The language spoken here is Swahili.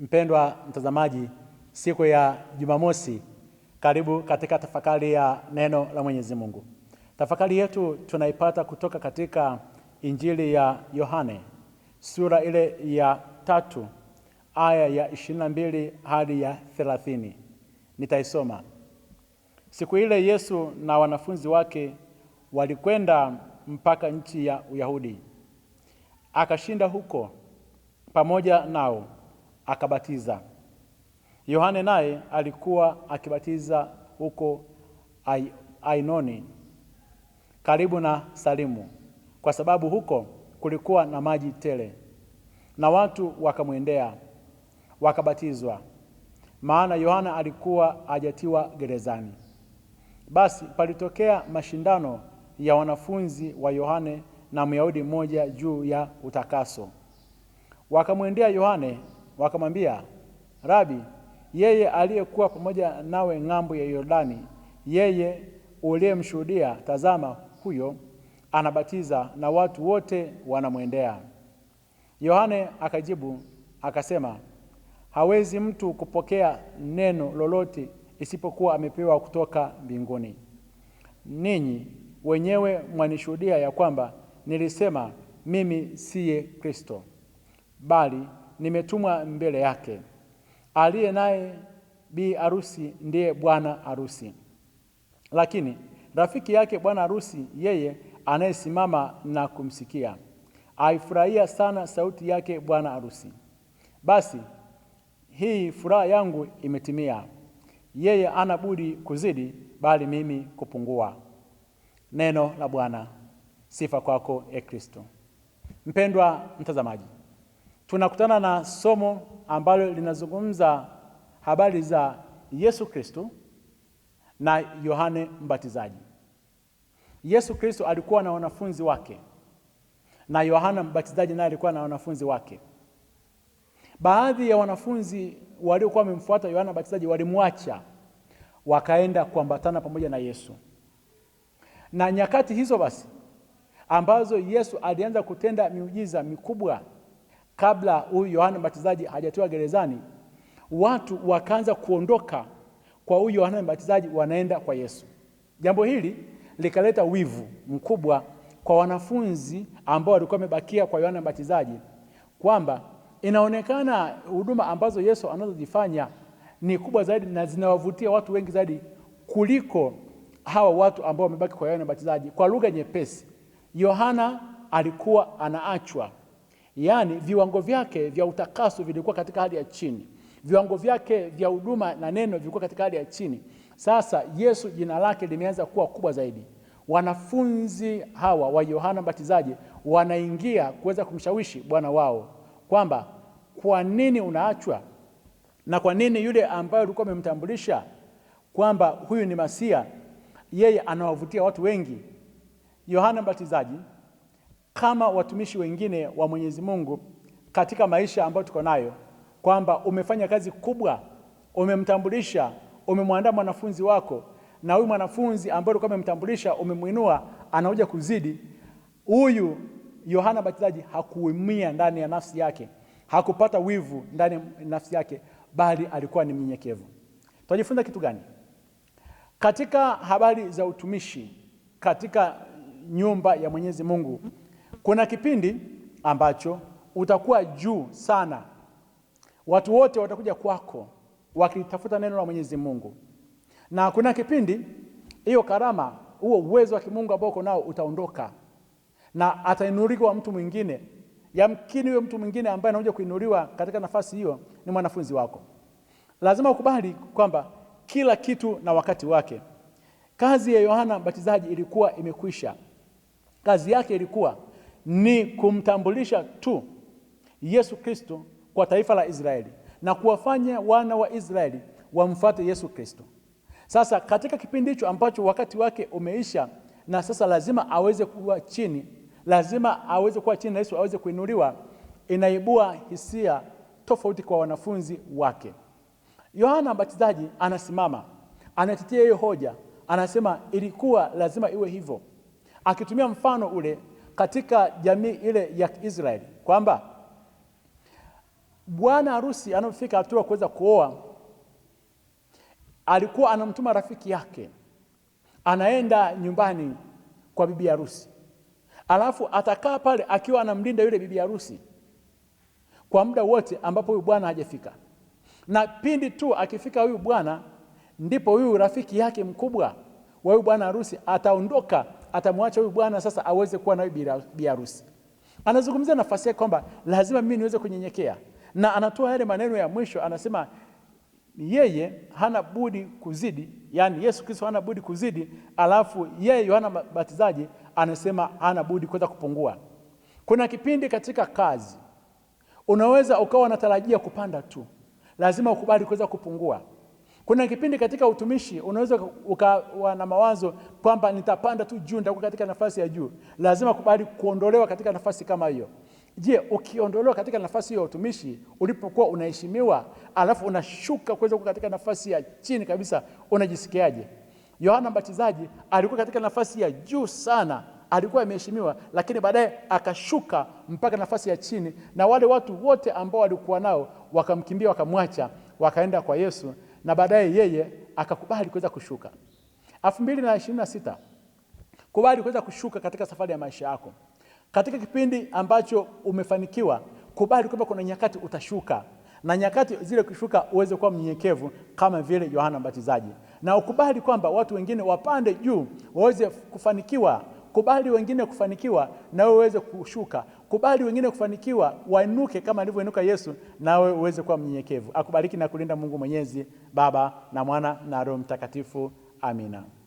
Mpendwa mtazamaji, siku ya Jumamosi, karibu katika tafakari ya neno la Mwenyezi Mungu. Tafakari yetu tunaipata kutoka katika Injili ya Yohane sura ile ya tatu aya ya ishirini na mbili hadi ya thelathini. Nitaisoma. Siku ile Yesu na wanafunzi wake walikwenda mpaka nchi ya Uyahudi, akashinda huko pamoja nao akabatiza. Yohane naye alikuwa akibatiza huko Ainoni karibu na Salimu, kwa sababu huko kulikuwa na maji tele, na watu wakamwendea wakabatizwa, maana Yohana alikuwa ajatiwa gerezani. Basi palitokea mashindano ya wanafunzi wa Yohane na Myahudi mmoja juu ya utakaso. Wakamwendea Yohane wakamwambia, Rabi, yeye aliyekuwa pamoja nawe ng'ambo ya Yordani, yeye uliyemshuhudia, tazama, huyo anabatiza na watu wote wanamwendea. Yohane akajibu akasema, hawezi mtu kupokea neno lolote isipokuwa amepewa kutoka mbinguni. Ninyi wenyewe mwanishuhudia ya kwamba nilisema mimi siye Kristo, bali nimetumwa mbele yake. Aliye naye bi harusi ndiye bwana harusi, lakini rafiki yake bwana harusi yeye anayesimama na kumsikia aifurahia sana sauti yake bwana harusi. Basi hii furaha yangu imetimia. Yeye ana budi kuzidi, bali mimi kupungua. Neno la Bwana. Sifa kwako, e Kristo. Mpendwa mtazamaji tunakutana na somo ambalo linazungumza habari za Yesu Kristo na Yohane Mbatizaji. Yesu Kristo alikuwa na wanafunzi wake na Yohana Mbatizaji naye alikuwa na wanafunzi wake. Baadhi ya wanafunzi waliokuwa wamemfuata Yohana Mbatizaji walimwacha wakaenda kuambatana pamoja na Yesu. Na nyakati hizo basi ambazo Yesu alianza kutenda miujiza mikubwa kabla huyu Yohana Mbatizaji hajatoa gerezani, watu wakaanza kuondoka kwa huyu Yohana Mbatizaji, wanaenda kwa Yesu. Jambo hili likaleta wivu mkubwa kwa wanafunzi ambao walikuwa wamebakia kwa Yohana Mbatizaji, kwamba inaonekana huduma ambazo Yesu anazozifanya ni kubwa zaidi na zinawavutia watu wengi zaidi kuliko hawa watu ambao wamebaki kwa Yohana Mbatizaji. Kwa lugha nyepesi, Yohana alikuwa anaachwa yaani viwango vyake vya utakaso vilikuwa katika hali ya chini, viwango vyake vya huduma na neno vilikuwa katika hali ya chini. Sasa Yesu jina lake limeanza kuwa kubwa zaidi. Wanafunzi hawa wa Yohana Mbatizaji wanaingia kuweza kumshawishi bwana wao kwamba kwa nini unaachwa na kwa nini yule ambaye ulikuwa umemtambulisha kwamba huyu ni Masia, yeye anawavutia watu wengi. Yohana Mbatizaji kama watumishi wengine wa Mwenyezi Mungu katika maisha ambayo tuko nayo, kwamba umefanya kazi kubwa, umemtambulisha, umemwandaa mwanafunzi wako, na huyu mwanafunzi ambaye ulikuwa umemtambulisha, umemwinua, anakuja kuzidi. Huyu Yohana Batizaji hakuumia ndani ya nafsi yake, hakupata wivu ndani ya nafsi yake, bali alikuwa ni mnyenyekevu. Tunajifunza kitu gani katika habari za utumishi katika nyumba ya Mwenyezi Mungu? Kuna kipindi ambacho utakuwa juu sana, watu wote watakuja kwako wakitafuta neno la Mwenyezi Mungu, na kuna kipindi hiyo karama, huo uwezo wa kimungu ambao uko nao utaondoka na atainuliwa mtu mwingine. Yamkini huyo mtu mwingine ambaye anakuja kuinuliwa katika nafasi hiyo ni mwanafunzi wako. Lazima ukubali kwamba kila kitu na wakati wake. Kazi ya Yohana Mbatizaji ilikuwa imekwisha, kazi yake ilikuwa ni kumtambulisha tu Yesu Kristo kwa taifa la Israeli na kuwafanya wana wa Israeli wamfuate Yesu Kristo. Sasa katika kipindi hicho ambacho wakati wake umeisha na sasa lazima aweze kuwa chini, lazima aweze kuwa chini na Yesu aweze kuinuliwa, inaibua hisia tofauti kwa wanafunzi wake. Yohana Mbatizaji anasimama, anatetea hiyo hoja, anasema ilikuwa lazima iwe hivyo, akitumia mfano ule katika jamii ile ya Israeli kwamba bwana harusi anapofika hatua kuweza kuoa, alikuwa anamtuma rafiki yake, anaenda nyumbani kwa bibi harusi, alafu atakaa pale akiwa anamlinda yule bibi harusi kwa muda wote ambapo huyu bwana hajafika, na pindi tu akifika huyu bwana, ndipo huyu rafiki yake mkubwa wa huyu bwana harusi ataondoka atamwacha huyu bwana sasa aweze kuwa nayo bi harusi. Anazungumzia nafasi yake kwamba lazima mimi niweze kunyenyekea, na anatoa yale maneno ya mwisho, anasema yeye hana budi kuzidi, yani Yesu Kristo hana budi kuzidi, alafu yeye Yohana Mbatizaji anasema hana budi kwenda kupungua. Kuna kipindi katika kazi unaweza ukawa unatarajia kupanda tu, lazima ukubali kuweza kupungua. Kuna kipindi katika utumishi unaweza ukawa na mawazo kwamba nitapanda tu juu, nitakuwa katika nafasi ya juu. Lazima kubali kuondolewa katika nafasi kama hiyo. Je, ukiondolewa katika nafasi hiyo ya utumishi ulipokuwa unaheshimiwa, alafu unashuka kuweza kuwa katika nafasi ya chini kabisa, unajisikiaje? Yohana Mbatizaji alikuwa katika nafasi ya juu sana, alikuwa ameheshimiwa, lakini baadaye akashuka mpaka nafasi ya chini, na wale watu wote ambao walikuwa nao wakamkimbia, wakamwacha, wakaenda kwa Yesu na baadaye yeye akakubali kuweza kushuka. elfu mbili na ishirini na sita kubali kuweza kushuka katika safari ya maisha yako, katika kipindi ambacho umefanikiwa. Kubali kwamba kuna nyakati utashuka na nyakati zile kushuka uweze kuwa mnyenyekevu kama vile Yohana Mbatizaji, na ukubali kwamba watu wengine wapande juu waweze kufanikiwa Kubali wengine kufanikiwa nawe uweze kushuka. Kubali wengine kufanikiwa wainuke kama alivyoinuka Yesu, nawe uweze kuwa mnyenyekevu. Akubariki na kulinda Mungu Mwenyezi, Baba na Mwana na Roho Mtakatifu. Amina.